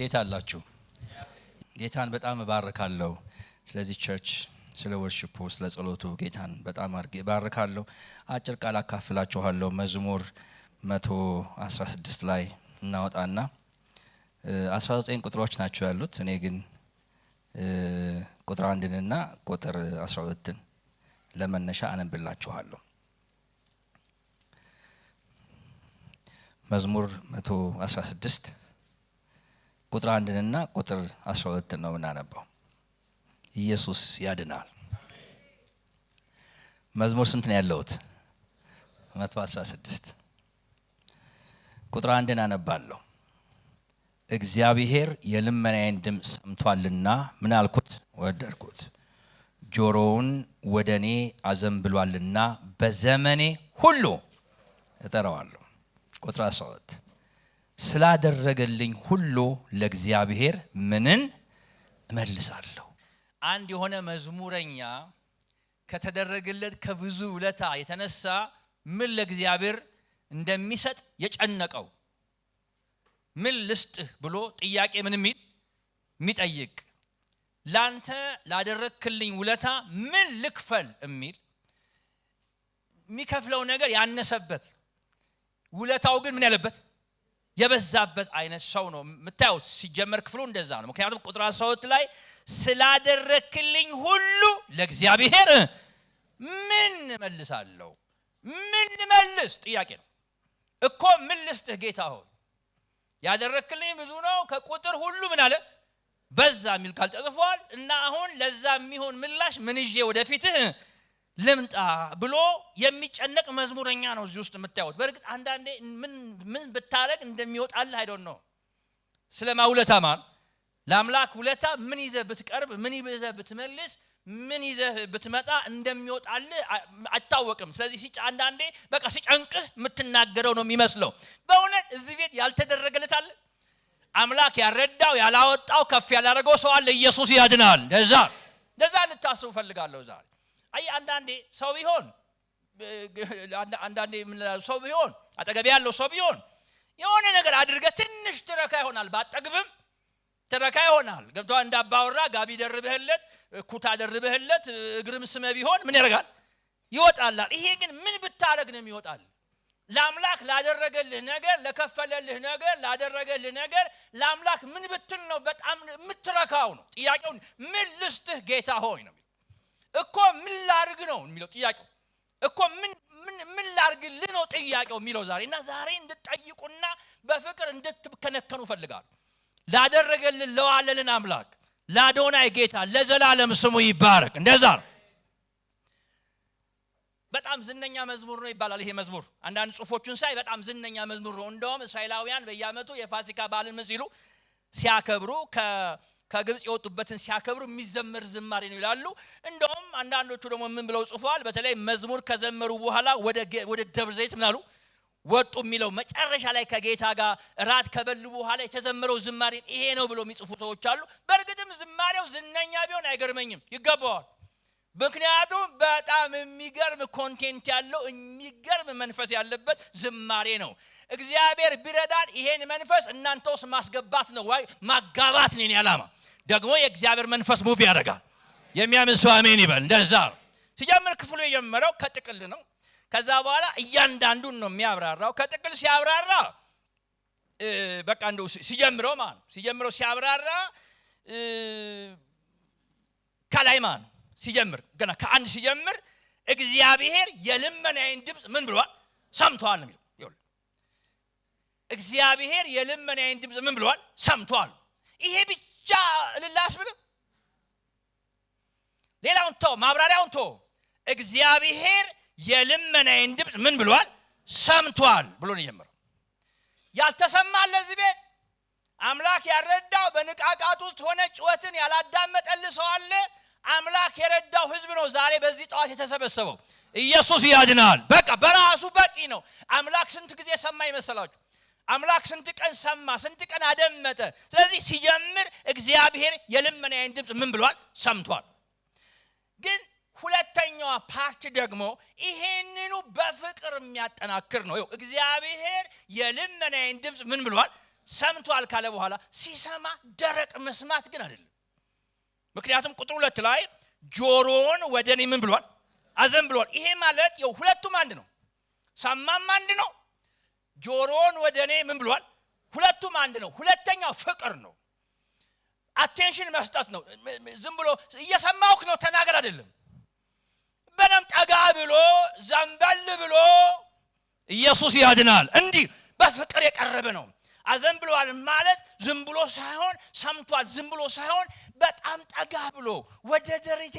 እንዴት አላችሁ? ጌታን በጣም እባርካለሁ። ስለዚህ ቸርች፣ ስለ ወርሽፑ፣ ስለ ጸሎቱ ጌታን በጣም አድርጌ እባርካለሁ። አጭር ቃል አካፍላችኋለሁ። መዝሙር 116 ላይ እናወጣና 19 ቁጥሮች ናቸው ያሉት። እኔ ግን ቁጥር አንድንና ቁጥር 12ን ለመነሻ አነብላችኋለሁ። መዝሙር 116 ቁጥር አንድንና ቁጥር አስራ ሁለትን ነው የምናነባው። ኢየሱስ ያድናል። መዝሙር ስንት ነው ያለሁት? መቶ አስራ ስድስት ቁጥር አንድን አነባለሁ። እግዚአብሔር የልመናዬን ድምፅ ሰምቷልና ምን አልኩት? ወደድኩት። ጆሮውን ወደ እኔ አዘንብሏልና በዘመኔ ሁሉ እጠራዋለሁ። ቁጥር አስራ ሁለት ስላደረገልኝ ሁሉ ለእግዚአብሔር ምንን እመልሳለሁ። አንድ የሆነ መዝሙረኛ ከተደረገለት ከብዙ ውለታ የተነሳ ምን ለእግዚአብሔር እንደሚሰጥ የጨነቀው ምን ልስጥህ ብሎ ጥያቄ ምን የሚል የሚጠይቅ ላንተ ላደረግክልኝ ውለታ ምን ልክፈል የሚል የሚከፍለው ነገር ያነሰበት ውለታው ግን ምን ያለበት የበዛበት አይነት ሰው ነው የምታዩት። ሲጀመር ክፍሉ እንደዛ ነው። ምክንያቱም ቁጥር አስራሁለት ላይ ስላደረክልኝ ሁሉ ለእግዚአብሔር ምን እመልሳለሁ? ምን ልመልስ? ጥያቄ ነው እኮ ምን ልስጥህ ጌታ ሆይ ያደረክልኝ ብዙ ነው፣ ከቁጥር ሁሉ ምን አለ በዛ የሚል ቃል ተጽፏል። እና አሁን ለዛ የሚሆን ምላሽ ምን ይዤ ወደፊትህ ልምጣ ብሎ የሚጨነቅ መዝሙረኛ ነው እዚህ ውስጥ የምታዩት። በእርግጥ አንዳንዴ ምን ብታደረግ እንደሚወጣል አይዶን ነው። ስለ ማውለታ ማር ለአምላክ ውለታ ምን ይዘ ብትቀርብ፣ ምን ይዘ ብትመልስ፣ ምን ይዘህ ብትመጣ እንደሚወጣልህ አይታወቅም። ስለዚህ አንዳንዴ በቃ ሲጨንቅህ የምትናገረው ነው የሚመስለው። በእውነት እዚህ ቤት ያልተደረገለት አምላክ ያረዳው ያላወጣው ከፍ ያላደረገው ሰው አለ? ኢየሱስ ያድናል። ደዛ ደዛ ልታስቡ ፈልጋለሁ ዛሬ አይ አንዳንዴ ሰው ቢሆን አንዳንዴ የምንላለው ሰው ቢሆን አጠገብ ያለው ሰው ቢሆን የሆነ ነገር አድርገ ትንሽ ትረካ ይሆናል ባጠግብም ትረካ ይሆናል ገብቷ እንዳባወራ ጋቢ ደርብህለት ኩታ ደርብህለት እግርም ስመ ቢሆን ምን ያደርጋል ይወጣላል ይሄ ግን ምን ብታደረግ ነው ይወጣል ለአምላክ ላደረገልህ ነገር ለከፈለልህ ነገር ላደረገልህ ነገር ለአምላክ ምን ብትል ነው በጣም የምትረካው ነው ጥያቄውን ምን ልስትህ ጌታ ሆይ ነው እኮ ምን ላርግ ነው የሚለው ጥያቄው እኮ ምን ላርግልህ ነው ጥያቄው የሚለው ዛሬ እና ዛሬ እንድጠይቁና በፍቅር እንድትከነከኑ ፈልጋሉ ላደረገልን ለዋለልን አምላክ ለአዶናይ ጌታ ለዘላለም ስሙ ይባረክ። እንደዛ ነው። በጣም ዝነኛ መዝሙር ነው ይባላል። ይሄ መዝሙር አንዳንድ ጽሁፎቹን ሳይ በጣም ዝነኛ መዝሙር ነው። እንደውም እስራኤላውያን በየአመቱ የፋሲካ ባልን ሲሉ ሲያከብሩ ከግብፅ የወጡበትን ሲያከብሩ የሚዘመር ዝማሬ ነው ይላሉ። እንደውም አንዳንዶቹ ደግሞ ምን ብለው ጽፈዋል? በተለይ መዝሙር ከዘመሩ በኋላ ወደ ደብር ዘይት ምናሉ ወጡ የሚለው መጨረሻ ላይ ከጌታ ጋር ራት ከበሉ በኋላ የተዘመረው ዝማሬ ይሄ ነው ብሎ የሚጽፉ ሰዎች አሉ። በእርግጥም ዝማሬው ዝነኛ ቢሆን አይገርመኝም፣ ይገባዋል። ምክንያቱም በጣም የሚገርም ኮንቴንት ያለው የሚገርም መንፈስ ያለበት ዝማሬ ነው። እግዚአብሔር ቢረዳን ይሄን መንፈስ እናንተ ውስጥ ማስገባት ነው ወይ ማጋባት ነው ያላማ ደግሞ የእግዚአብሔር መንፈስ ሙቪ ያደርጋል። የሚያምን ሰው አሜን ይበል። እንደዛ ነው ሲጀምር ክፍሉ የጀመረው ከጥቅል ነው። ከዛ በኋላ እያንዳንዱን ነው የሚያብራራው። ከጥቅል ሲያብራራ በቃ እንደ ሲጀምረው ማለት ነው ሲጀምረው ሲያብራራ ከላይ ማለት ነው ሲጀምር ገና ከአንድ ሲጀምር እግዚአብሔር የልመናዬን ድምፅ ምን ብሏል ሰምተዋል ነው የሚለው። እግዚአብሔር የልመናዬን ድምፅ ምን ብሏል ሰምቷል። ይሄ ብቻ ብቻ እልል ምንም ሌላውን ተው፣ ማብራሪያውን ተው። እግዚአብሔር የልመናዬን ድምፅ ምን ብሏል? ሰምቷል ብሎ ነው የጀመረው። ያልተሰማ ለዚህ ቤት አምላክ ያረዳው በንቃቃት ውስጥ ሆነ ጭወትን ያላዳመጠል ሰው አለ። አምላክ የረዳው ህዝብ ነው ዛሬ በዚህ ጠዋት የተሰበሰበው። ኢየሱስ ያድናል። በቃ በራሱ በቂ ነው። አምላክ ስንት ጊዜ ሰማ ይመስላችሁ? አምላክ ስንት ቀን ሰማ፣ ስንት ቀን አደመጠ። ስለዚህ ሲጀምር እግዚአብሔር የልመናዬን ድምፅ ምን ብሏል? ሰምቷል። ግን ሁለተኛዋ ፓርት ደግሞ ይሄንኑ በፍቅር የሚያጠናክር ነው። እግዚአብሔር የልመናዬን ድምፅ ምን ብሏል? ሰምቷል ካለ በኋላ ሲሰማ ደረቅ መስማት ግን አይደለም። ምክንያቱም ቁጥር ሁለት ላይ ጆሮን ወደ እኔ ምን ብሏል? አዘን ብሏል። ይሄ ማለት ሁለቱም አንድ ነው። ሰማም አንድ ነው ጆሮን ወደ እኔ ምን ብሏል? ሁለቱም አንድ ነው። ሁለተኛው ፍቅር ነው። አቴንሽን መስጠት ነው። ዝም ብሎ እየሰማሁህ ነው ተናገር አይደለም። በደም ጠጋ ብሎ ዘንበል ብሎ ኢየሱስ ያድናል። እንዲህ በፍቅር የቀረበ ነው። አዘንብሏል ማለት ዝም ብሎ ሳይሆን ሰምቷል፣ ዝም ብሎ ሳይሆን በጣም ጠጋ ብሎ ወደ ደረቴ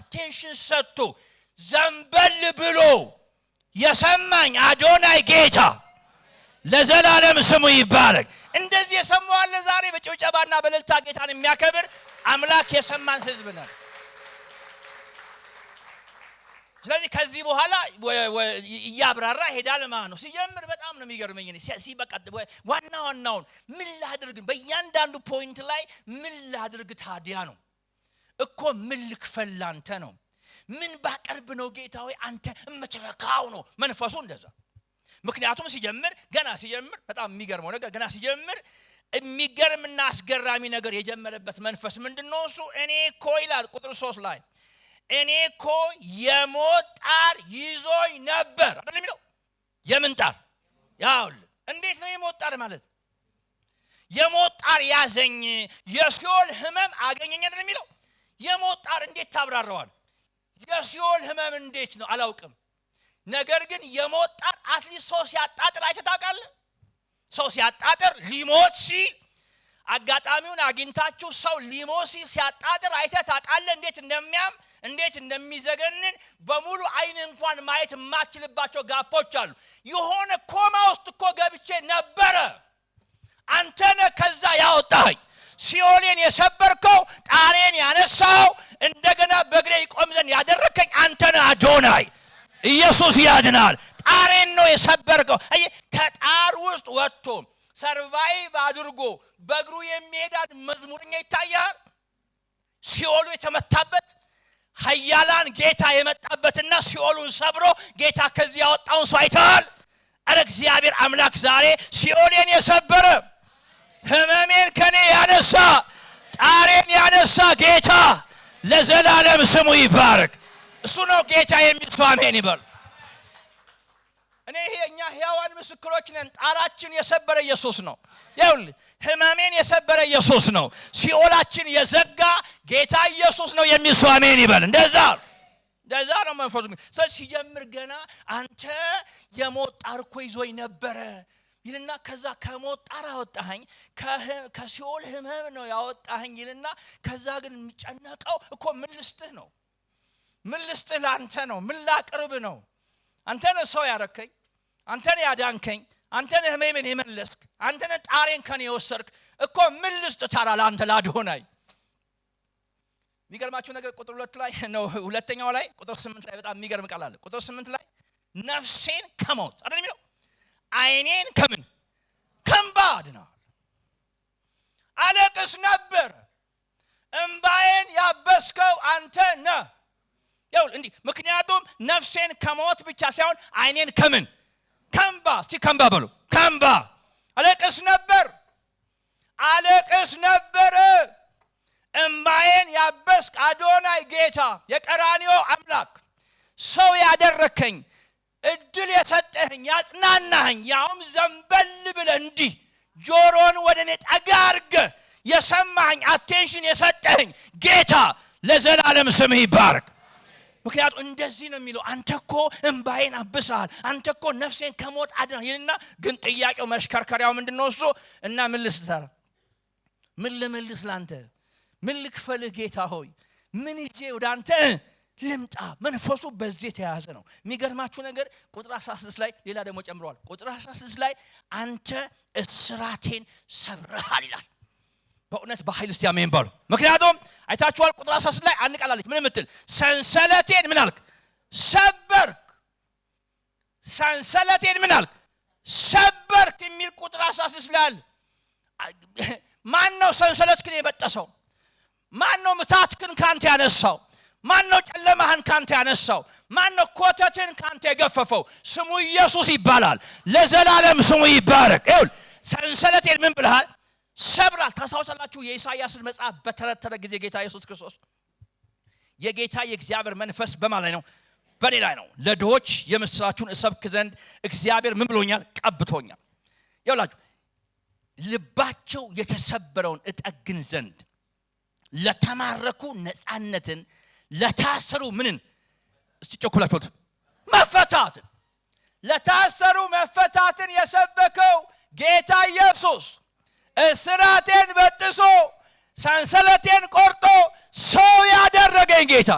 አቴንሽን ሰጥቶ ዘንበል ብሎ የሰማኝ አዶናይ ጌታ ለዘላለም ስሙ ይባረክ። እንደዚህ የሰማዋለ ዛሬ በጭብጨባና በልልታ ጌታን የሚያከብር አምላክ የሰማን ህዝብ ነው። ስለዚህ ከዚህ በኋላ እያብራራ ሄዳል ማለት ነው። ሲጀምር በጣም ነው የሚገርመኝ። ሲበቃ ዋና ዋናውን ምን ላድርግ፣ በእያንዳንዱ ፖይንት ላይ ምን ላድርግ ታዲያ ነው እኮ ምን ልክፈል አንተ ነው ምን ባቀርብ ነው ጌታ ሆይ አንተ እምትረካው ነው መንፈሱ እንደዛ ምክንያቱም ሲጀምር ገና ሲጀምር በጣም የሚገርመው ነገር ገና ሲጀምር የሚገርምና አስገራሚ ነገር የጀመረበት መንፈስ ምንድን ነው? እሱ እኔ ኮ ይላል ቁጥር ሶስት ላይ እኔ ኮ የሞት ጣር ይዞኝ ነበር አይደል የሚለው የምን ጣር ያውል እንዴት ነው የሞት ጣር ማለት የሞት ጣር ያዘኝ የሲኦል ህመም አገኘኝ አይደል የሚለው የሞት ጣር እንዴት ታብራረዋል የሲኦል ህመም እንዴት ነው አላውቅም ነገር ግን የሞት ጣር አትሊስት ሰው ሲያጣጥር አይተህ ታውቃለህ? ሰው ሲያጣጥር ሊሞት ሲል አጋጣሚውን አግኝታችሁ ሰው ሊሞት ሲል ሲያጣጥር አይተታቃለ እንዴት እንደሚያም እንዴት እንደሚዘገንን በሙሉ አይን እንኳን ማየት የማትችልባቸው ጋፖች አሉ። የሆነ ኮማ ውስጥ እኮ ገብቼ ነበረ። አንተ ከዛ ያወጣኸኝ። ሲኦሌን የሰበርከው፣ ጣሬን ያነሳው፣ እንደገና በእግሬ ይቆም ዘንድ ያደረከኝ አንተነ አዶናይ። ኢየሱስ ያድናል። ጣሬን ነው የሰበርከው። ከጣር ውስጥ ወጥቶ ሰርቫይቭ አድርጎ በእግሩ የሚሄዳት መዝሙርኛ ይታያል። ሲኦሉ የተመታበት ሀያላን ጌታ የመጣበትና ሲኦሉን ሰብሮ ጌታ ከዚህ ያወጣውን ሰው አይተዋል። አረ እግዚአብሔር አምላክ ዛሬ ሲኦሌን የሰበረ ህመሜን ከኔ ያነሳ ጣሬን ያነሳ ጌታ ለዘላለም ስሙ ይባረክ። እሱ ነው ጌታ የሚል ሰው አሜን ይበል። እኔ እኛ ሕያዋን ምስክሮች ነን። ጣራችን የሰበረ ኢየሱስ ነው። ይኸውልህ ህመሜን የሰበረ ኢየሱስ ነው። ሲኦላችን የዘጋ ጌታ ኢየሱስ ነው የሚል ሰው አሜን ይበል። እንደዛ እንደዛ ነው መንፈሱ። ሲጀምር ገና አንተ የሞት ጣር ይዞኝ ነበረ ይልና ከዛ ከሞት ጣር አወጣኸኝ፣ ከሲኦል ህመም ነው ያወጣኸኝ ይልና ከዛ ግን የሚጨነቀው እኮ ምን ልስጥህ ነው ምን ልስጥህ? ለአንተ ነው። ምን ላቅርብ ነው? አንተ ነህ ሰው ያረከኝ፣ አንተ ነህ ያዳንከኝ፣ አንተ ነህ ህመሜን የመለስክ፣ አንተ ነህ ጣሬን ከኔ የወሰርክ እኮ ምን ልስጥ ታራ ለአንተ ላድሆናይ የሚገርማችሁ ነገር ቁጥር ሁለት ላይ ነው ሁለተኛው ላይ ቁጥር ስምንት ላይ በጣም የሚገርም ቃል አለ። ቁጥር ስምንት ላይ ነፍሴን ከሞት አይደል የሚለው አይኔን ከምን ከምባድ ነው አለቅስ ነበር፣ እምባዬን ያበስከው አንተ ነህ ያው እንዲህ ምክንያቱም ነፍሴን ከሞት ብቻ ሳይሆን አይኔን ከምን ከምባ እስቲ ከምባ በሉ ከምባ አለቅስ ነበር አለቅስ ነበረ እምባዬን ያበስክ አዶናይ ጌታ የቀራኒዮ አምላክ ሰው ያደረከኝ እድል የሰጠህኝ ያጽናናህኝ ያውም ዘንበል ብለ እንዲህ ጆሮን ወደ እኔ ጠጋ የሰማኝ አቴንሽን የሰጠህኝ ጌታ ለዘላለም ስምህ ይባርክ ምክንያቱ እንደዚህ ነው የሚለው፣ አንተ ኮ እምባዬን አብሰሃል፣ አንተ ኮ ነፍሴን ከሞት አድና ይልና፣ ግን ጥያቄው መሽከርከሪያው ምንድን ነው? እሱ እና ምን ልስተር፣ ምን ልመልስ ለአንተ ምን ልክፈልህ ጌታ ሆይ፣ ምን ይዤ ወደ አንተ ልምጣ። መንፈሱ በዚህ የተያዘ ነው። የሚገርማችሁ ነገር ቁጥር 16 ላይ ሌላ ደግሞ ጨምረዋል። ቁጥር 16 ላይ አንተ እስራቴን ሰብረሃል ይላል። በእውነት በኃይል እስቲ አሜን በሉ። ምክንያቱም አይታችኋል፣ ቁጥር አስራ ላይ አንድ ቃል አለች። ምን የምትል ሰንሰለቴን ምን አልክ ሰበርክ። ሰንሰለቴን ምን አልክ ሰበርክ የሚል ቁጥር አስራ ላይ አለ። ማን ነው ሰንሰለትክን የበጠሰው? ማን ነው ምታትክን ካንተ ያነሳው? ማን ነው ጨለማህን ካንተ ያነሳው? ማን ነው ኮተትን ካንተ የገፈፈው? ስሙ ኢየሱስ ይባላል። ለዘላለም ስሙ ይባረክ። ይኸውልህ ሰንሰለቴን ምን ብልሃል ሰብራል። ታስታውሳላችሁ የኢሳይያስን መጽሐፍ በተረተረ ጊዜ ጌታ ኢየሱስ ክርስቶስ የጌታ የእግዚአብሔር መንፈስ በማን ላይ ነው? በእኔ ላይ ነው፣ ለድሆች የምስራቹን እሰብክ ዘንድ እግዚአብሔር ምን ብሎኛል? ቀብቶኛል። ይውላችሁ ልባቸው የተሰበረውን እጠግን ዘንድ ለተማረኩ ነፃነትን፣ ለታሰሩ ምንን እስቲ ጨኩላችሁት መፈታትን፣ ለታሰሩ መፈታትን የሰበከው ጌታ ኢየሱስ እስራቴን በጥሶ ሰንሰለቴን ቆርጦ ሰው ያደረገኝ ጌታ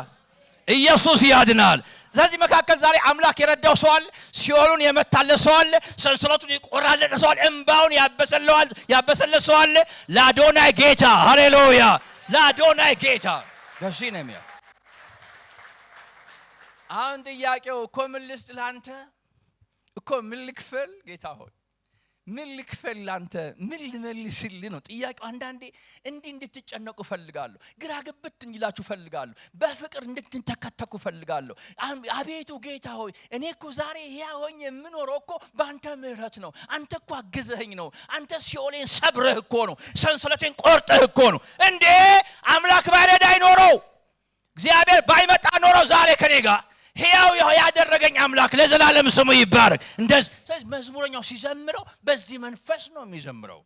ኢየሱስ ያድናል። ስለዚህ መካከል ዛሬ አምላክ የረዳው ሰዋል፣ ሲኦሉን የመታለ ሰዋል፣ ሰንሰለቱን የቆራለጠ ሰዋል፣ እምባውን ያበሰለ ሰዋል። ለአዶናይ ጌታ ሃሌሉያ! ለአዶናይ ጌታ በዚህ ነው የሚያ አሁን ጥያቄው እኮ ምን ልስጥ ለአንተ እኮ ምን ልክፈል ጌታ ሆይ ምን ልክፈል ላንተ ምን ልመልስልህ ነው ጥያቄው። አንዳንዴ እንዲህ እንድትጨነቁ ፈልጋለሁ ግራ ግብት እንዲላችሁ ፈልጋለሁ በፍቅር እንድትንተከተኩ ፈልጋለሁ አቤቱ ጌታ ሆይ እኔ እኮ ዛሬ ሕያ ሆኜ የምኖረው እኮ በአንተ ምህረት ነው። አንተ እኮ አግዘኸኝ ነው። አንተ ሲኦሌን ሰብረህ እኮ ነው። ሰንሰለቴን ቆርጠህ እኮ ነው። እንዴ አምላክ ባይረዳ አይኖረው እግዚአብሔር ባይመጣ ኖረው ዛሬ ከኔ ጋር ሕያው ያደረገኝ አምላክ ለዘላለም ስሙ ይባረክ። እንደዚህ ስለዚህ መዝሙረኛው ሲዘምረው በዚህ መንፈስ ነው የሚዘምረው።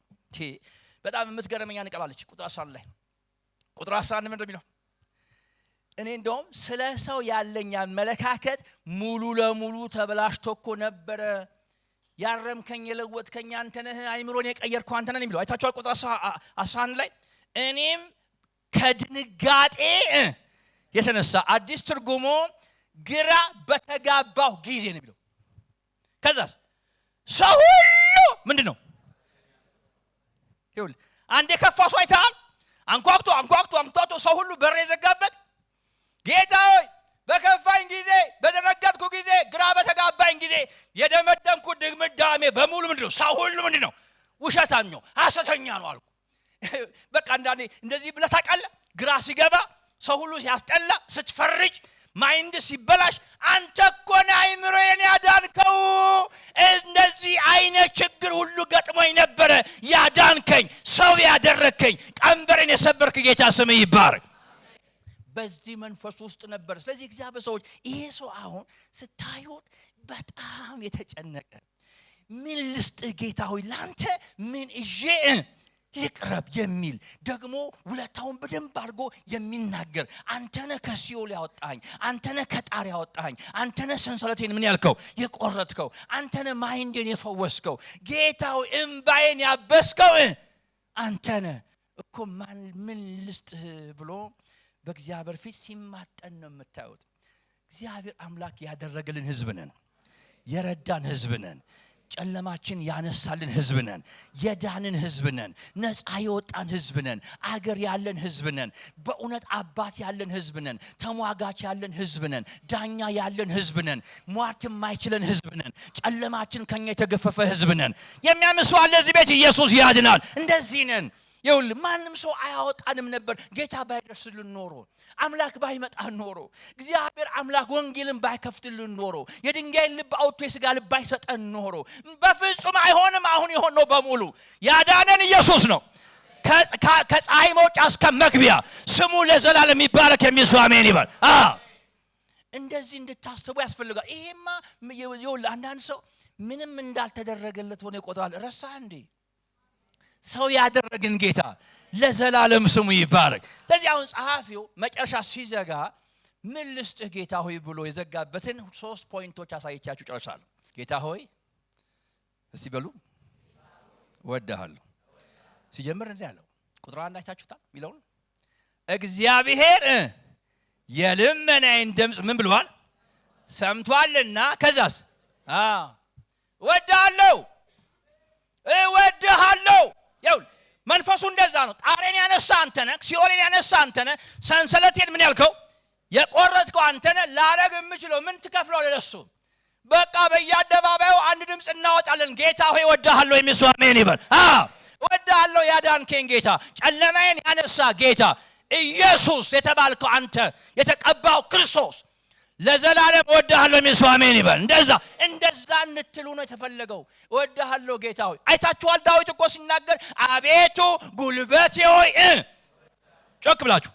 በጣም የምትገረመኛ ንቀላለች ቁጥር አስራ ላይ ቁጥር አስራ አንድ ምንድን የሚለው እኔ እንደውም ስለ ሰው ያለኝ አመለካከት ሙሉ ለሙሉ ተበላሽቶ እኮ ነበረ። ያረምከኝ የለወጥከኝ አንተነህ አይምሮን የቀየርከው አንተነህ የሚለው አይታችኋል። ቁጥር አስራ አንድ ላይ እኔም ከድንጋጤ የተነሳ አዲስ ትርጉሞ ግራ በተጋባሁ ጊዜ ነው የሚለው። ከዛስ ሰው ሁሉ ምንድ ነው? ይኸውልህ አንድ የከፋ ሰው አይተሃል? አንኳክቶ አንኳክቶ አንኳኩቶ ሰው ሁሉ በር የዘጋበት ጌታ ሆይ በከፋኝ ጊዜ፣ በደነገጥኩ ጊዜ፣ ግራ በተጋባኝ ጊዜ የደመደምኩ ድምዳሜ በሙሉ ምንድ ነው? ሰው ሁሉ ምንድ ነው? ውሸታም ነው፣ ነው አልኩ። በቃ አንዳንዴ እንደዚህ ብለታቃለ ግራ ሲገባ ሰው ሁሉ ሲያስጠላ ስትፈርጅ ማይንድ ሲበላሽ አንተ እኮ አይምሮዬን ያዳንከው። እንደዚህ አይነት ችግር ሁሉ ገጥሞኝ ነበረ። ያዳንከኝ፣ ሰው ያደረግከኝ፣ ቀንበሬን የሰበርክ ጌታ ስም ይባር በዚህ መንፈስ ውስጥ ነበር ስለዚህ እግዚአብሔር ሰዎች ይሄ ሰው አሁን ስታዩት በጣም የተጨነቀ ምን ልስጥ ጌታ ሆይ ላንተ ምን እዤ ይቅረብ የሚል ደግሞ ውለታውን በደንብ አድርጎ የሚናገር አንተነ ከሲኦል ያወጣኝ፣ አንተነ ከጣር ያወጣኝ፣ አንተነ ሰንሰለቴን ምን ያልከው የቆረጥከው፣ አንተነ ማይንዴን የፈወስከው፣ ጌታው እምባዬን ያበስከው አንተነ እኮ ማን ምን ልስጥህ ብሎ በእግዚአብሔር ፊት ሲማጠን ነው የምታዩት። እግዚአብሔር አምላክ ያደረገልን ህዝብ ነን፣ የረዳን ህዝብ ነን። ጨለማችን ያነሳልን ህዝብ ነን። የዳንን ህዝብ ነን። ነፃ የወጣን ህዝብ ነን። አገር ያለን ህዝብ ነን። በእውነት አባት ያለን ህዝብ ነን። ተሟጋች ያለን ህዝብ ነን። ዳኛ ያለን ህዝብ ነን። ሟርት የማይችለን ህዝብ ነን። ጨለማችን ከኛ የተገፈፈ ህዝብ ነን። የሚያምሱ አለ እዚህ ቤት ኢየሱስ ያድናል። እንደዚህ ነን። የውል ማንም ሰው አያወጣንም ነበር፣ ጌታ ባይደርስልን ኖሮ፣ አምላክ ባይመጣን ኖሮ፣ እግዚአብሔር አምላክ ወንጌልን ባይከፍትልን ኖሮ፣ የድንጋይን ልብ አውቶ የስጋ ልብ ባይሰጠን ኖሮ፣ በፍጹም አይሆንም። አሁን ነው በሙሉ ያዳነን ኢየሱስ ነው። ከፀሐይ መውጫ እስከ መግቢያ ስሙ ለዘላለም የሚባረክ የሚሱ አሜን ይበል። እንደዚህ እንድታስቡ ያስፈልጋል። ይሄማ ይኸውልህ አንዳንድ ሰው ምንም እንዳልተደረገለት ሆነ ይቆጥራል። ረሳ እንዴ ሰው ያደረግን ጌታ ለዘላለም ስሙ ይባረክ። ለዚህ አሁን ጸሐፊው መጨረሻ ሲዘጋ ምን ልስጥህ ጌታ ሆይ ብሎ የዘጋበትን ሶስት ፖይንቶች አሳየቻችሁ ጨርሳል ጌታ ሆይ እስቲ በሉ እወድሃለሁ። ሲጀምር እንዲህ አለው። ቁጥር አንድ አይታችሁታል የሚለውን እግዚአብሔር የልመናይን ድምፅ ምን ብሏል? ሰምቷልና። ከዛስ እወድሃለሁ እወድሃለሁ ይኸውልህ መንፈሱ እንደዛ ነው። ጣሬን ያነሳ አንተነ፣ ሲኦልን ያነሳ አንተነ፣ ሰንሰለቴን ምን ያልከው የቆረጥከው አንተነ። ላረግ የምችለው ምን ትከፍለው ለሱ በቃ በየአደባባዩ አንድ ድምፅ እናወጣለን። ጌታ ሆይ ወዳሃለሁ የሚሱ አሜን ይበል። ወዳሃለሁ ያዳንከኝ ጌታ፣ ጨለማዬን ያነሳ ጌታ፣ ኢየሱስ የተባልከው አንተ የተቀባው ክርስቶስ ለዘላለም እወድሃለሁ የሚል ሰው አሜን ይበል። እንደዛ እንደዛ እንትሉ ነው የተፈለገው። እወድሃለሁ ጌታ ሆይ። አይታችኋል፣ ዳዊት እኮ ሲናገር አቤቱ ጉልበቴ ሆይ፣ ጮክ ብላችሁ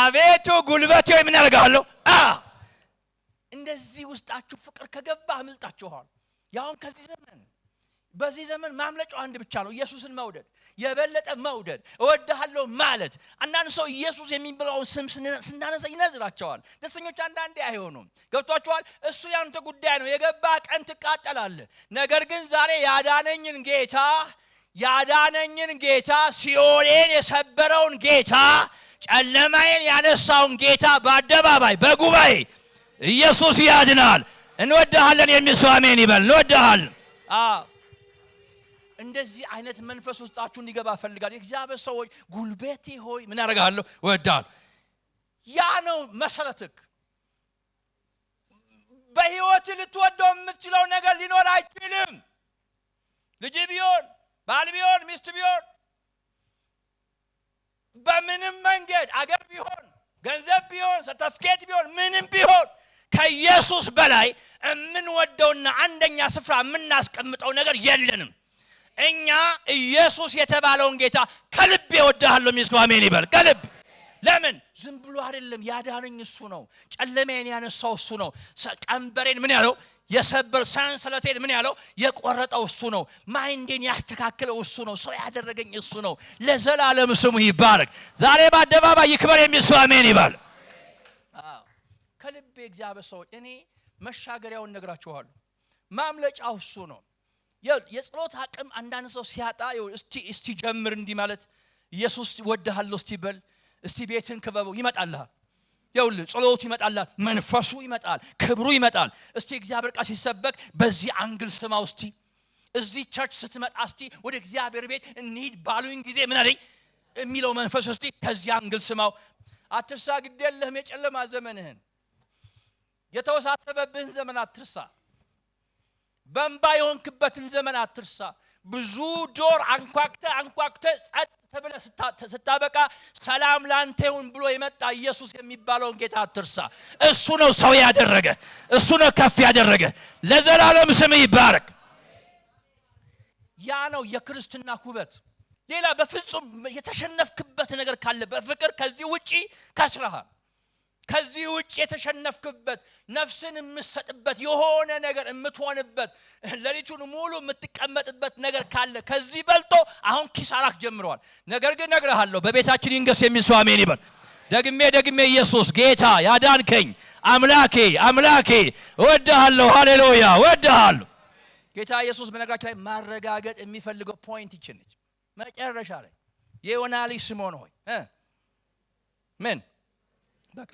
አቤቱ ጉልበቴ ሆይ ምን ያደርጋለሁ እንደዚህ ውስጣችሁ ፍቅር ከገባ አምልጣችኋል። ያሁን ከዚህ ዘመን በዚህ ዘመን ማምለጫው አንድ ብቻ ነው፣ ኢየሱስን መውደድ፣ የበለጠ መውደድ፣ እወድሃለሁ ማለት። አንዳንድ ሰው ኢየሱስ የሚባለውን ስም ስናነሳ ይነዝራቸዋል። ደስተኞች አንዳንዴ አይሆኑም። ገብቷቸዋል። እሱ ያንተ ጉዳይ ነው። የገባ ቀን ትቃጠላል ነገር ግን ዛሬ ያዳነኝን ጌታ ያዳነኝን ጌታ ሲኦሌን የሰበረውን ጌታ ጨለማዬን ያነሳውን ጌታ በአደባባይ በጉባኤ ኢየሱስ ያድናል። እንወድሃለን የሚል ሰው አሜን ይበል። እንወድሃል እንደዚህ አይነት መንፈስ ውስጣችሁ እንዲገባ ፈልጋል የእግዚአብሔር ሰዎች ጉልበቴ ሆይ ምን ያደርጋለሁ ወዳል። ያ ነው መሰረትክ። በህይወት ልትወደው የምትችለው ነገር ሊኖር አይችልም። ልጅ ቢሆን፣ ባል ቢሆን፣ ሚስት ቢሆን፣ በምንም መንገድ አገር ቢሆን፣ ገንዘብ ቢሆን፣ ሰርተፍኬት ቢሆን፣ ምንም ቢሆን ከኢየሱስ በላይ የምንወደውና አንደኛ ስፍራ የምናስቀምጠው ነገር የለንም። እኛ ኢየሱስ የተባለውን ጌታ ከልብ እወድሃለሁ ሚስቱ አሜን ይበል። ከልብ ለምን ዝም ብሎ አይደለም ያዳነኝ እሱ ነው። ጨለማዬን ያነሳው እሱ ነው። ቀንበሬን ምን ያለው የሰበር ሰንሰለቴን ምን ያለው የቆረጠው እሱ ነው። ማይንዴን ያስተካክለው እሱ ነው። ሰው ያደረገኝ እሱ ነው። ለዘላለም ስሙ ይባረክ። ዛሬ በአደባባይ ይክበር የሚሱ አሜን ይበል። ከልቤ እግዚአብሔር ሰው እኔ መሻገሪያውን ነግራችኋለሁ። ማምለጫው እሱ ነው። የጸሎት አቅም አንዳንድ ሰው ሲያጣ እስቲ ጀምር እንዲህ ማለት ኢየሱስ ወድሃለሁ እስቲ በል እስቲ ቤትን ክበበው ይመጣልሃል። ይኸውልህ ጸሎቱ ይመጣልሃል፣ መንፈሱ ይመጣል፣ ክብሩ ይመጣል። እስቲ እግዚአብሔር ቃል ሲሰበክ በዚህ አንግል ስማው እስቲ እዚህ ቸርች ስትመጣ እስቲ ወደ እግዚአብሔር ቤት እንሂድ ባሉኝ ጊዜ ምን አለኝ የሚለው መንፈስ እስቲ ከዚህ አንግል ስማው። አትርሳ ግድ የለህም የጨለማ ዘመንህን የተወሳሰበብህን ዘመን አትርሳ። በእንባ የሆንክበትን ዘመን አትርሳ። ብዙ ዶር አንኳክተ አንኳክተ ጸጥ ተብለ ስታበቃ ሰላም ላንተ ይሁን ብሎ የመጣ ኢየሱስ የሚባለውን ጌታ አትርሳ። እሱ ነው ሰው ያደረገ፣ እሱ ነው ከፍ ያደረገ። ለዘላለም ስም ይባረክ። ያ ነው የክርስትና ኩበት ሌላ በፍጹም የተሸነፍክበት ነገር ካለ በፍቅር ከዚህ ውጪ ከስረሃል ከዚህ ውጭ የተሸነፍክበት ነፍስን የምሰጥበት የሆነ ነገር የምትሆንበት ለሊቱን ሙሉ የምትቀመጥበት ነገር ካለ ከዚህ በልጦ አሁን ኪሳራክ ጀምረዋል። ነገር ግን ነግረሃለሁ በቤታችን ይንገስ የሚል ሰው አሜን ይበል። ደግሜ ደግሜ ኢየሱስ ጌታ ያዳንከኝ አምላኬ አምላኬ እወድሃለሁ። ሃሌሉያ እወድሃለሁ። ጌታ ኢየሱስ በነገራችን ላይ ማረጋገጥ የሚፈልገው ፖይንት ይችነች መጨረሻ ላይ የዮና ስሞን ሆይ ምን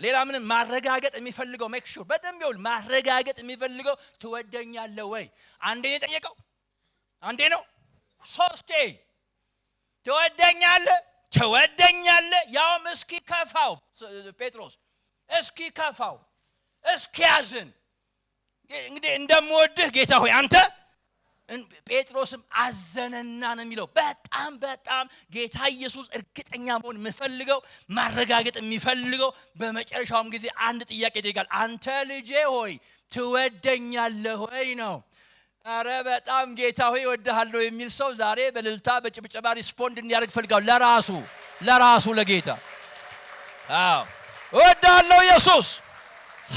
ሌላ ምንም ማረጋገጥ የሚፈልገው ሜክሹር በደንብ ይውል ማረጋገጥ የሚፈልገው ትወደኛለህ ወይ? አንዴ የጠየቀው፣ አንዴ ነው ሶስቴ። ትወደኛለ ትወደኛለ ያውም እስኪ ከፋው ጴጥሮስ እስኪ ከፋው እስኪ ያዝን እንግዲህ እንደምወድህ ጌታ ሆይ አንተ ጴጥሮስም አዘነና ነው የሚለው። በጣም በጣም ጌታ ኢየሱስ እርግጠኛ መሆን የምፈልገው ማረጋገጥ የሚፈልገው በመጨረሻውም ጊዜ አንድ ጥያቄ ይጠይቃል። አንተ ልጄ ሆይ ትወደኛለህ ሆይ ነው። አረ በጣም ጌታ ሆይ እወድሃለሁ የሚል ሰው ዛሬ በልልታ በጭብጨባ ሪስፖንድ እንዲያደርግ ፈልጋል ለራሱ ለራሱ ለጌታ እወድሃለሁ ኢየሱስ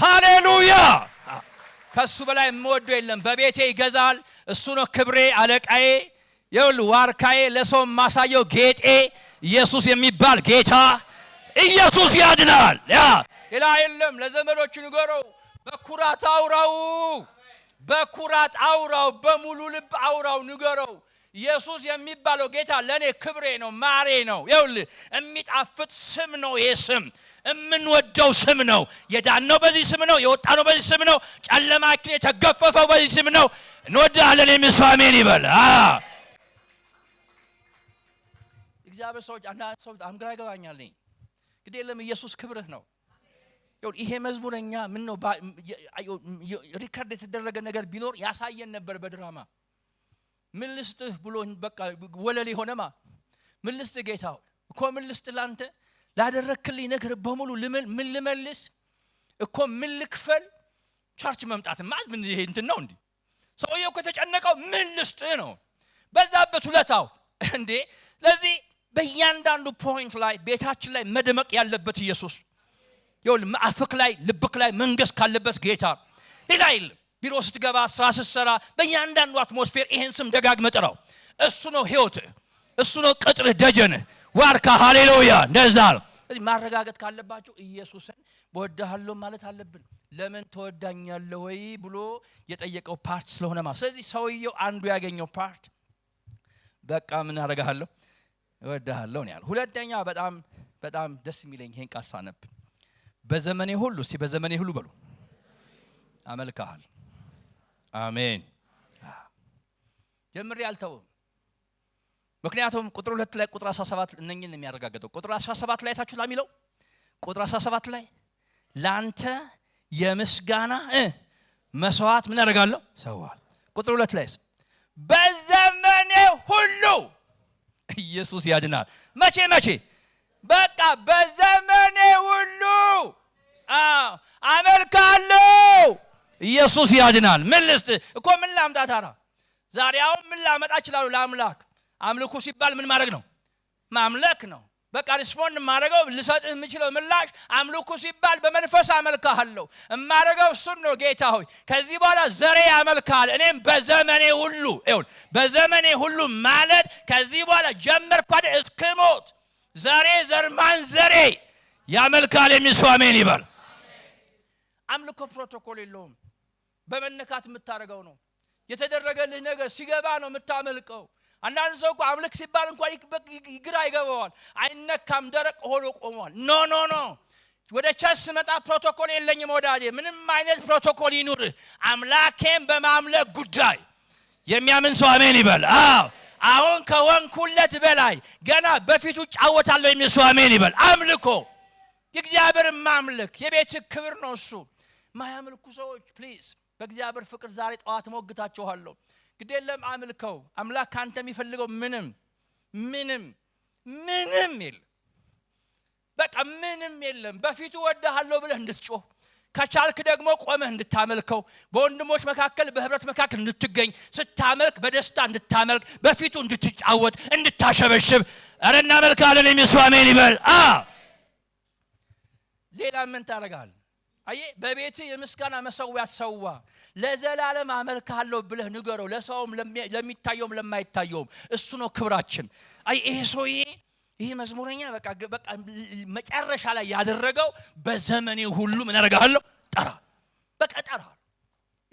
ሃሌሉያ ከሱ በላይ የምወደው የለም። በቤቴ ይገዛል። እሱ ነው ክብሬ፣ አለቃዬ፣ የሁሉ ዋርካዬ፣ ለሰው ማሳየው ጌጤ። ኢየሱስ የሚባል ጌታ ኢየሱስ ያድናል። ያ ሌላ የለም። ለዘመዶቹ ንገረው፣ በኩራት አውራው፣ በኩራት አውራው፣ በሙሉ ልብ አውራው፣ ንገረው ኢየሱስ የሚባለው ጌታ ለእኔ ክብሬ ነው፣ ማሬ ነው። ይኸውልህ የሚጣፍጥ ስም ነው። ይሄ ስም የምንወደው ስም ነው። የዳነው በዚህ ስም ነው። የወጣነው በዚህ ስም ነው። ጨለማችን የተገፈፈው በዚህ ስም ነው። እንወዳለን የሚል ይበል። እግዚአብሔር ሰዎች አንዳንድ ሰው በጣም ይገባኛል። ግድ የለም ኢየሱስ ክብርህ ነው። ይሄ መዝሙረኛ ምን ነው ሪከርድ የተደረገ ነገር ቢኖር ያሳየን ነበር በድራማ ምን ልስጥህ ብሎ በቃ ወለል የሆነማ ምን ልስጥህ ጌታ እኮ ምን ልስጥህ ላንተ ላደረክልኝ ነገር በሙሉ ምን ልመልስ እኮ ምን ልክፈል ቸርች መምጣት ማለት ምን ይሄ እንትን ነው እንዲህ ሰውየው ከተጨነቀው ምን ልስጥህ ነው በዛበት ሁለታው እንዴ ስለዚህ በእያንዳንዱ ፖይንት ላይ ቤታችን ላይ መደመቅ ያለበት ኢየሱስ ይሁን አፍክ ላይ ልብክ ላይ መንገስ ካለበት ጌታ ሌላ የለም ቢሮ ስትገባ፣ ስራ ስትሰራ፣ በእያንዳንዱ አትሞስፌር ይህን ስም ደጋግመ ጥራው። እሱ ነው ህይወት እሱ ነው ቅጥርህ፣ ደጀን ዋርካ። ሃሌሉያ! እንደዛ ነው። ማረጋገጥ ካለባቸው ኢየሱስን በወዳሃለሁ ማለት አለብን። ለምን ተወዳኛለህ ወይ ብሎ የጠየቀው ፓርት ስለሆነ ማ ስለዚህ ሰውየው አንዱ ያገኘው ፓርት በቃ ምን አረጋለሁ እወዳሃለሁ ነው ሁለተኛ በጣም በጣም ደስ የሚለኝ ይሄን ቃል ሳነብ በዘመኔ ሁሉ እስቲ በዘመኔ ሁሉ በሉ አመልካሃል አሜን። ጀምሬ አልተውም። ምክንያቱም ቁጥር ሁለት ላይ ቁጥር 17 እነኝን የሚያረጋግጠው ቁጥር 17 ላይ ታችሁ ላሚለው ቁጥር 17 ላይ ላንተ የምስጋና መስዋዕት ምን ያደርጋለሁ ሰዋል። ቁጥር ሁለት ላይ በዘመኔ ሁሉ ኢየሱስ ያድናል። መቼ መቼ? በቃ በዘመኔ ሁሉ አመልካለሁ ኢየሱስ ያድናል። ምን ልስጥ እኮ ምን ላምጣ ታዲያ? ዛሬ አሁን ምን ላመጣ እችላለሁ? ለአምላክ አምልኩ ሲባል ምን ማድረግ ነው? ማምለክ ነው። በቃ ሪስፖንድ የማደርገው ልሰጥህ የምችለው ምላሽ አምልኩ ሲባል በመንፈስ አመልካለሁ። የማደርገው እሱን ነው። ጌታ ሆይ ከዚህ በኋላ ዘሬ ያመልካል፣ እኔም በዘመኔ ሁሉ ይሁን። በዘመኔ ሁሉ ማለት ከዚህ በኋላ ጀመርኩ አይደል እስክሞት ዘሬ ዘርማን ዘሬ ያመልካል። የሚስዋሜን ይባል አምልኮ ፕሮቶኮል የለውም። በመነካት የምታደርገው ነው። የተደረገልህ ነገር ሲገባ ነው የምታመልቀው። አንዳንድ ሰው እኮ አምልክ ሲባል እንኳን ግራ ይገባዋል። አይነካም፣ ደረቅ ሆኖ ቆመዋል። ኖ ኖ ኖ ወደ ቸርች ስመጣ ፕሮቶኮል የለኝም ወዳጄ፣ ምንም አይነት ፕሮቶኮል ይኑርህ። አምላኬን በማምለክ ጉዳይ የሚያምን ሰው አሜን ይበል። አዎ አሁን ከወንኩለት በላይ ገና በፊቱ ጫወታለሁ የሚል ሰው አሜን ይበል። አምልኮ እግዚአብሔር ማምልክ የቤት ክብር ነው። እሱ ማያምልኩ ሰዎች ፕሊዝ በእግዚአብሔር ፍቅር ዛሬ ጠዋት ሞግታችኋለሁ። ለም አምልከው። አምላክ ከአንተ የሚፈልገው ምንም ምንም ምንም የለም። በቃ ምንም የለም። በፊቱ ወደሃለሁ ብለህ እንድትጮ ከቻልክ ደግሞ ቆመህ እንድታመልከው በወንድሞች መካከል በህብረት መካከል እንድትገኝ ስታመልክ በደስታ እንድታመልክ በፊቱ እንድትጫወት እንድታሸበሽብ። ኧረ እናመልካለን የሚስዋሜን ይበል። ሌላ ምን ታደርጋለህ? አየ በቤት የምስጋና መሰዊያ ሰዋ ለዘላለም አመልካለሁ ብለህ ንገረው። ለሰውም ለሚታየውም ለማይታየውም እሱ ነው ክብራችን። አይ ይሄ ሰውዬ ይሄ መዝሙረኛ በቃ በቃ መጨረሻ ላይ ያደረገው በዘመኔ ሁሉ ምን አደርጋለሁ ጠራ በቃ ጠራ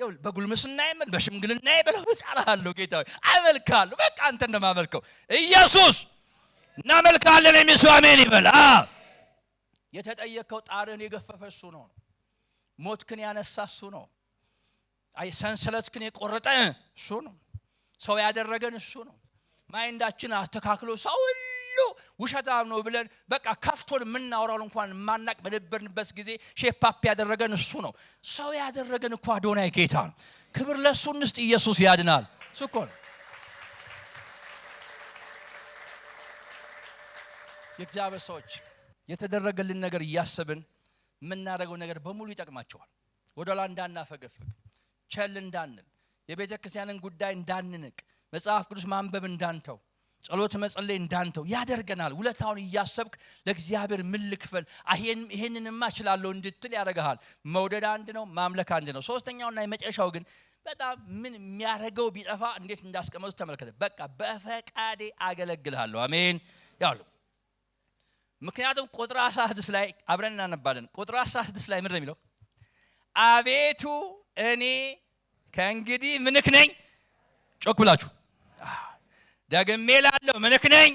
ይሁን በጉልምስና የምን በሽምግልና ይበል ጠራለሁ ጌታ አመልካለሁ። በቃ አንተ እንደማመልከው ኢየሱስ እናመልካለን የሚስዋሜን ይበል። የተጠየቀው ጣርን የገፈፈ እሱ ነው። ሞትክን ያነሳ እሱ ነው። አይ ሰንሰለትክን የቆረጠ እሱ ነው። ሰው ያደረገን እሱ ነው። ማይንዳችን አስተካክሎ ሰው ሁሉ ውሸታም ነው ብለን በቃ ከፍቶን የምናወራው እንኳን ማናቅ በነበርንበት ጊዜ ሼፓፕ ያደረገን እሱ ነው። ሰው ያደረገን እኮ አዶናይ ጌታ ነው። ክብር ለእሱ እንስጥ። ኢየሱስ ያድናል። እሱ የእግዚአብሔር ሰዎች የተደረገልን ነገር እያሰብን የምናደርገው ነገር በሙሉ ይጠቅማቸዋል። ወደኋላ እንዳናፈገፍግ፣ ቸል እንዳንል፣ የቤተ ክርስቲያንን ጉዳይ እንዳንንቅ፣ መጽሐፍ ቅዱስ ማንበብ እንዳንተው፣ ጸሎት መጸለይ እንዳንተው ያደርገናል። ውለታውን እያሰብክ ለእግዚአብሔር ምን ልክፈል፣ ይሄንንማ እችላለሁ እንድትል ያደርግሃል። መውደድ አንድ ነው፣ ማምለክ አንድ ነው። ሶስተኛውና የመጨረሻው ግን በጣም ምን የሚያደርገው ቢጠፋ እንዴት እንዳስቀመጡት ተመልከተ። በቃ በፈቃዴ አገለግልሃለሁ። አሜን ያሉ ምክንያቱም ቁጥር 16 ላይ አብረን እናነባለን። ቁጥር 16 ላይ ምንድን የሚለው? አቤቱ እኔ ከእንግዲህ ምንክ ነኝ። ጮክ ብላችሁ ደግሜ ላለው ምንክ ነኝ።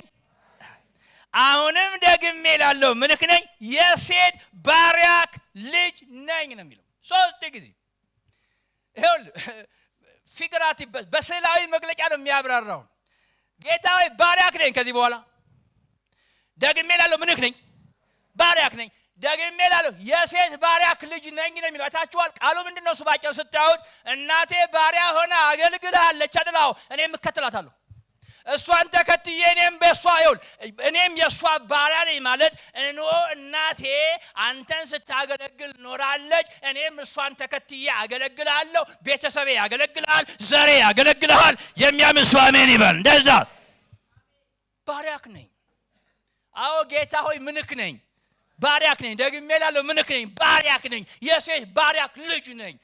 አሁንም ደግሜ ላለው ምንክ ነኝ። የሴት ባሪያክ ልጅ ነኝ ነው የሚለው ሶስት ጊዜ። ይሁል ፊግራቲቭ በስዕላዊ መግለጫ ነው የሚያብራራው። ጌታ ወይ ባሪያክ ነኝ ከዚህ በኋላ ደግሜ ላለሁ ምንክ ነኝ ባሪያክ ነኝ ደግሜ ላለሁ የሴት ባሪያክ ልጅ ነኝ ነው የሚለው። አይታችኋል። ቃሉ ምንድን ነው? ሱባቄው ስታዩት እናቴ ባሪያ ሆነ አገልግልሃለች አድላው እኔም እከተላታለሁ እሷን ተከትዬ እኔም በእሷ ይሁን እኔም የእሷ ባሪያ ነኝ ማለት እኖ እናቴ አንተን ስታገለግል ኖራለች፣ እኔም እሷን ተከትዬ አገለግልሃለሁ። ቤተሰቤ ያገለግልሃል፣ ዘሬ ያገለግልሃል። የሚያምን ሷሜን ይበል። እንደዛ ባሪያክ ነኝ አዎ ጌታ ሆይ ምንክ ነኝ፣ ባሪያክ ነኝ። ደግሜ እላለሁ ምንክ ነኝ፣ ባሪያክ ነኝ፣ የሴት ባሪያክ ልጅ ነኝ።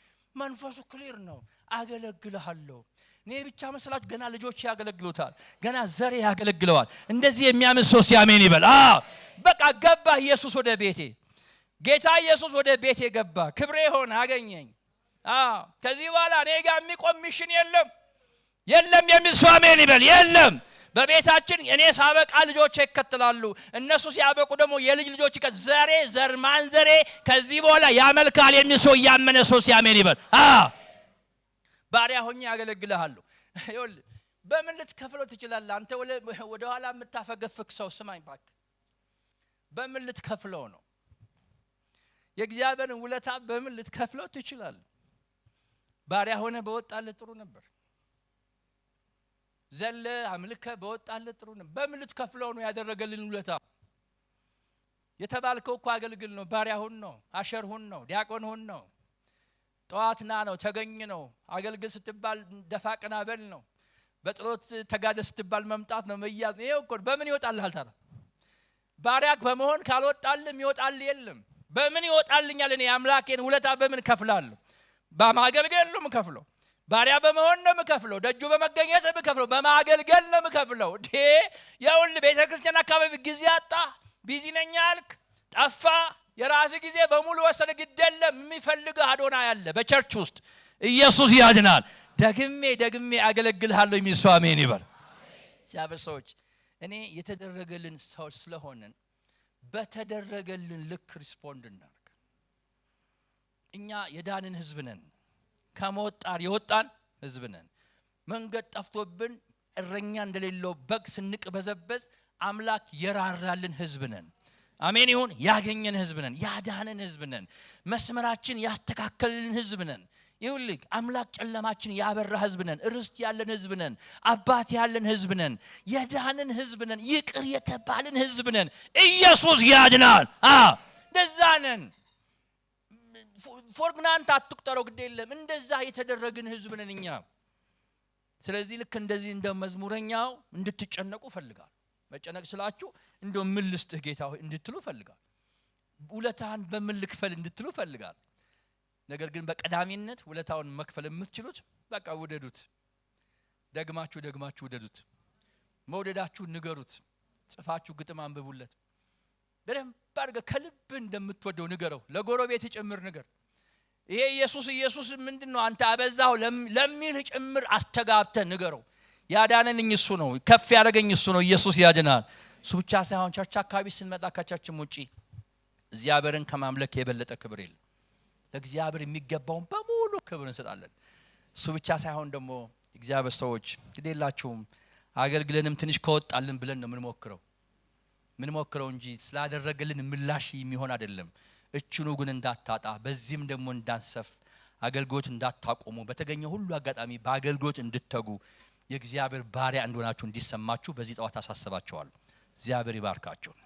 መንፈሱ ክሊር ነው። አገለግልሃለሁ እኔ ብቻ መስላች ገና ልጆች ያገለግሉታል። ገና ዘሬ ያገለግለዋል። እንደዚህ የሚያምን ሰው ሲያሜን ይበል። በቃ ገባ ኢየሱስ ወደ ቤቴ፣ ጌታ ኢየሱስ ወደ ቤቴ ገባ። ክብሬ ሆነ አገኘኝ። ከዚህ በኋላ እኔ ጋር የሚቆም ሚሽን የለም የለም የሚል ሰው አሜን ይበል። የለም በቤታችን እኔ ሳበቃ ልጆች ይከተላሉ፣ እነሱ ሲያበቁ ደግሞ የልጅ ልጆች ይቀ ዘሬ ዘር ዘሬ ከዚህ በኋላ ያመልካል የሚል ሰው እያመነ ሰው ሲያሜን ይበል። ባሪያ ሆኜ ያገለግልሃለሁ። በምን ልትከፍለው ትችላለህ? አንተ ወደኋላ የምታፈገፍክ ሰው ስማኝ ባክ፣ በምን ልትከፍለው ነው? የእግዚአብሔርን ውለታ በምን ልትከፍለው ትችላለህ? ባሪያ ሆነ በወጣለ ጥሩ ነበር። ዘለ አምልከ በወጣለት ጥሩ ነው። በምን ልትከፍለው ነው? ያደረገልን ውለታ የተባልከው እኮ አገልግል ነው። ባሪያ ሁን ነው፣ አሸር ሁን ነው፣ ዲያቆን ሁን ነው፣ ጠዋትና ነው፣ ተገኝ ነው። አገልግል ስትባል ደፋ ቀና በል ነው። በጸሎት ተጋደ ስትባል መምጣት ነው፣ መያዝ ነው። ይሄው እኮ በምን ይወጣልሃል? ታዲያ ባሪያክ በመሆን ካልወጣልም ይወጣል የለም። በምን ይወጣልኛል? እኔ አምላኬን ውለታ በምን ከፍላለሁ? በማገልገል ነው የምከፍለው። ባሪያ በመሆን ነው የምከፍለው። ደጁ በመገኘት ነው የምከፍለው። በማገልገል ነው የምከፍለው። ዴ የውል ቤተ ክርስቲያን አካባቢ ጊዜ አጣ፣ ቢዚ ነኝ አልክ፣ ጠፋ። የራስ ጊዜ በሙሉ ወሰን። ግድ የለም የሚፈልግህ አዶና ያለ በቸርች ውስጥ ኢየሱስ ያድናል። ደግሜ ደግሜ አገለግልሃለሁ የሚል ሰው አሜን ይበል። እግዚአብሔር ሰዎች እኔ የተደረገልን ሰው ስለሆንን በተደረገልን ልክ ሪስፖንድ እናርግ። እኛ የዳንን ህዝብ ነን። ከሞት ጣር የወጣን ህዝብ ነን። መንገድ ጠፍቶብን እረኛ እንደሌለው በግ በዘበዝ አምላክ የራራልን ህዝብ ነን። አሜን ይሁን። ያገኘን ህዝብ ነን። ያዳንን ህዝብ ነን። መስመራችን ያስተካከልን ህዝብ ነን። ይሁልክ አምላክ ጨለማችን ያበራ ህዝብ ነን። ርስት ያለን ህዝብ ነን። አባት ያለን ህዝብ ነን። የዳንን ህዝብ ነን። ይቅር የተባልን ህዝብ ነን። ኢየሱስ ያድናል። እንደዛ ነን። ፎርምናንት አትቁጠረው ግድ የለም። እንደዛ የተደረግን ህዝብ ነን እኛ። ስለዚህ ልክ እንደዚህ እንደ መዝሙረኛው እንድትጨነቁ ፈልጋል። መጨነቅ ስላችሁ እንደ ምን ልስጥህ ጌታ ሆይ እንድትሉ ፈልጋል። ውለታህን በምን ልክፈል እንድትሉ ፈልጋል። ነገር ግን በቀዳሚነት ውለታውን መክፈል የምትችሉት በቃ ውደዱት፣ ደግማችሁ ደግማችሁ ውደዱት። መውደዳችሁ ንገሩት። ጽፋችሁ ግጥም አንብቡለት። በደንብ ከልብ እንደምትወደው ንገረው፣ ለጎረቤት ጭምር ንገር። ይሄ ኢየሱስ ኢየሱስ ምንድን ነው አንተ አበዛው ለሚል ጭምር አስተጋብተ ንገረው። ያዳነንኝ እሱ ነው፣ ከፍ ያደረገኝ እሱ ነው። ኢየሱስ ያድናል። እሱ ብቻ ሳይሆን ቸርች አካባቢ ስንመጣ ከቸርችም ውጪ እግዚአብሔርን ከማምለክ የበለጠ ክብር የለም። ለእግዚአብሔር የሚገባውን በሙሉ ክብር እንሰጣለን። እሱ ብቻ ሳይሆን ደግሞ እግዚአብሔር ሰዎች ግዴላችሁም አገልግለንም ትንሽ ከወጣልን ብለን ነው የምንሞክረው ምን ሞክረው እንጂ ስላደረገልን ምላሽ የሚሆን አይደለም። እችኑ ግን እንዳታጣ በዚህም ደግሞ እንዳንሰፍ አገልግሎት እንዳታቆሙ በተገኘ ሁሉ አጋጣሚ በአገልግሎት እንድተጉ የእግዚአብሔር ባሪያ እንደሆናችሁ እንዲሰማችሁ በዚህ ጠዋት አሳስባችኋለሁ። እግዚአብሔር ይባርካችሁ።